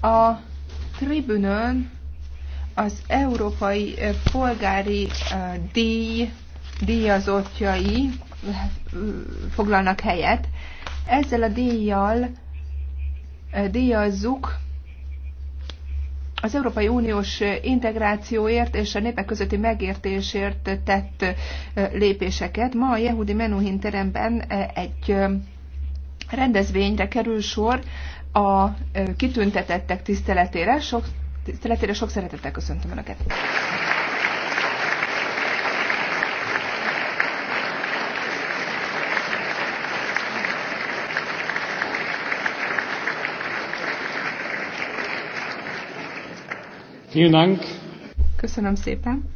A tribünön az európai polgári díj díjazottjai foglalnak helyet. Ezzel a díjjal díjazzuk az Európai Uniós integrációért és a népek közötti megértésért tett lépéseket. Ma a Yehudi Menuhin teremben egy rendezvényre kerül sor, a kitüntetettek tiszteletére sok, tiszteletére sok szeretettel köszöntöm Önöket. Köszönöm szépen.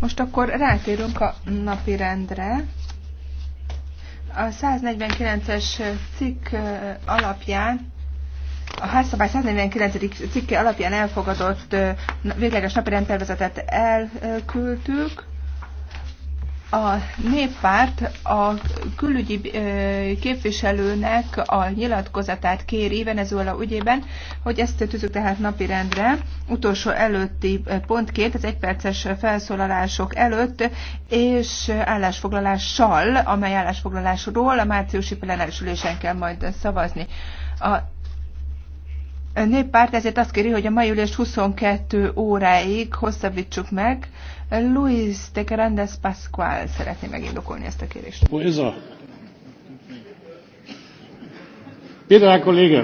Most akkor rátérünk a napi rendre. A 149-es cikk eh, alapján a házszabály 149. cikke alapján elfogadott eh, végleges napi rendtervezetet elküldtük. A néppárt a külügyi képviselőnek a nyilatkozatát kéri Venezuela ügyében, hogy ezt tűzük tehát napirendre, utolsó előtti pontként, az egyperces felszólalások előtt, és állásfoglalással, amely állásfoglalásról a márciusi plenáris ülésen kell majd szavazni. A a néppárt ezért azt kéri, hogy a mai ülés 22 óráig hosszabbítsuk meg. Luis de Grandes Pascual szeretné megindokolni ezt a kérést. Poéza. ez er? Péter kolléga!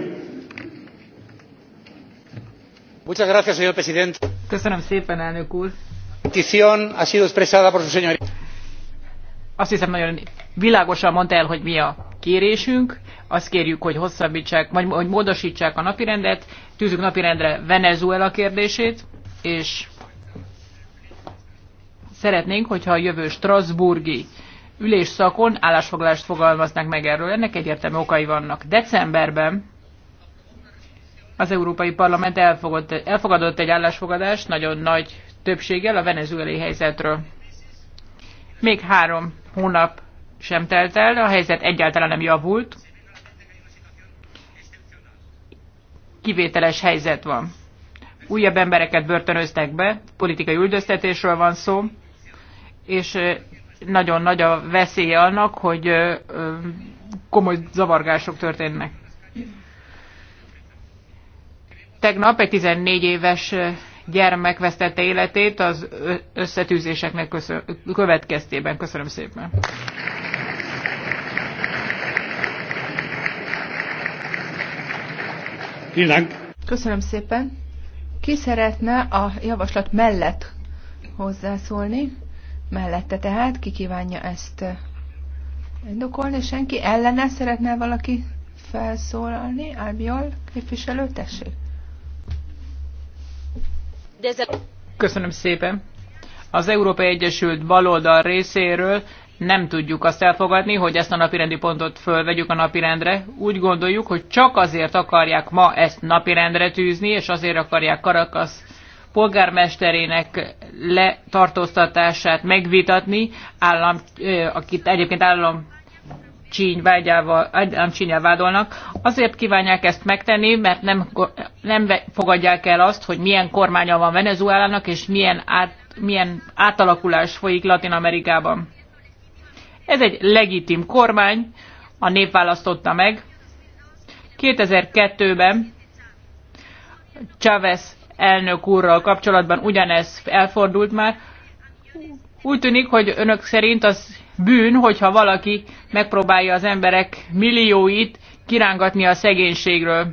Muchas gracias, señor presidente. Köszönöm szépen, elnök úr. Petición ha sido expresada por su señoría. Azt hiszem, nagyon világosan mondta el, hogy mi a kérésünk. Azt kérjük, hogy hosszabbítsák, vagy hogy módosítsák a napirendet, Tűzünk napirendre Venezuela kérdését, és szeretnénk, hogyha a jövő Strasburgi ülésszakon állásfoglalást fogalmaznak meg erről. Ennek egyértelmű okai vannak. Decemberben az Európai Parlament elfogott, elfogadott egy állásfogadást nagyon nagy többséggel a venezuelai helyzetről. Még három hónap sem telt el, a helyzet egyáltalán nem javult. Kivételes helyzet van. Újabb embereket börtönöztek be, politikai üldöztetésről van szó, és nagyon nagy a veszély annak, hogy komoly zavargások történnek. Tegnap egy 14 éves gyermek vesztette életét az összetűzéseknek következtében. Köszönöm szépen. Köszönöm szépen. Ki szeretne a javaslat mellett hozzászólni? Mellette tehát, ki kívánja ezt indokolni? Senki ellene szeretne valaki felszólalni? Albiol képviselő, tessék. Köszönöm szépen. Az Európai Egyesült Baloldal részéről nem tudjuk azt elfogadni, hogy ezt a napirendi pontot fölvegyük a napirendre. Úgy gondoljuk, hogy csak azért akarják ma ezt napirendre tűzni, és azért akarják karakas polgármesterének letartóztatását megvitatni, állam, akit egyébként állam csínyel vádolnak. Azért kívánják ezt megtenni, mert nem, nem fogadják el azt, hogy milyen kormánya van Venezuelának, és milyen, át, milyen átalakulás folyik Latin Amerikában. Ez egy legitim kormány, a nép választotta meg. 2002-ben Chavez elnök úrral kapcsolatban ugyanez elfordult már. Úgy tűnik, hogy önök szerint az bűn, hogyha valaki megpróbálja az emberek millióit kirángatni a szegénységről.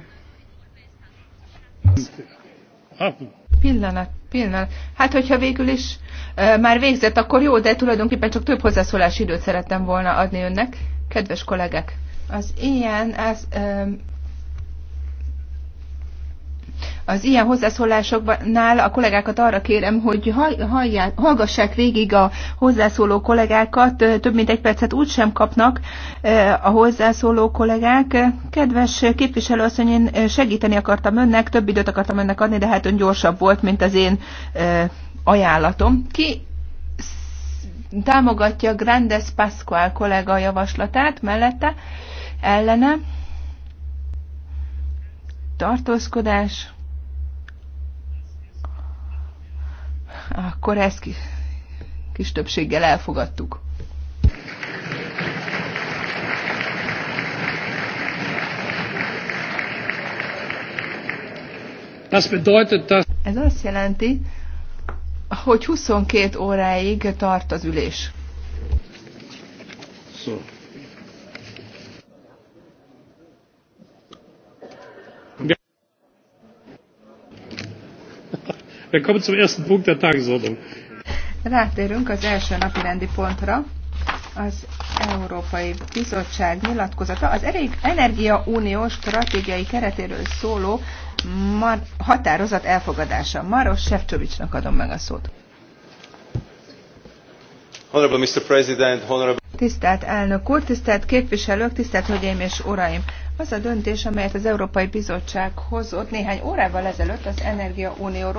Pillanat pillanat. Hát, hogyha végül is e, már végzett, akkor jó, de tulajdonképpen csak több hozzászólási időt szerettem volna adni önnek. Kedves kollégek, az ilyen ez, e, az ilyen hozzászólásoknál a kollégákat arra kérem, hogy hallják, hallgassák végig a hozzászóló kollégákat, több mint egy percet úgy sem kapnak eh, a hozzászóló kollégák. Kedves képviselőasszony, én segíteni akartam önnek, több időt akartam önnek adni, de hát ön gyorsabb volt, mint az én eh, ajánlatom. Ki támogatja Grandes Pascual kollega javaslatát mellette, ellene, tartózkodás, akkor ezt kis többséggel elfogadtuk. Ez azt jelenti, hogy 22 óráig tart az ülés. So. Wir zum ersten Punkt der Tagesordnung. Rátérünk az első napi rendi pontra, az Európai Bizottság nyilatkozata, az Energia Unió stratégiai keretéről szóló határozat elfogadása. Maros Sefcsovicsnak adom meg a szót. Honorable Mr. President, honorable... Tisztelt elnök úr, tisztelt képviselők, tisztelt hölgyeim és uraim! Az a döntés, amelyet az Európai Bizottság hozott néhány órával ezelőtt az Energia Unióról,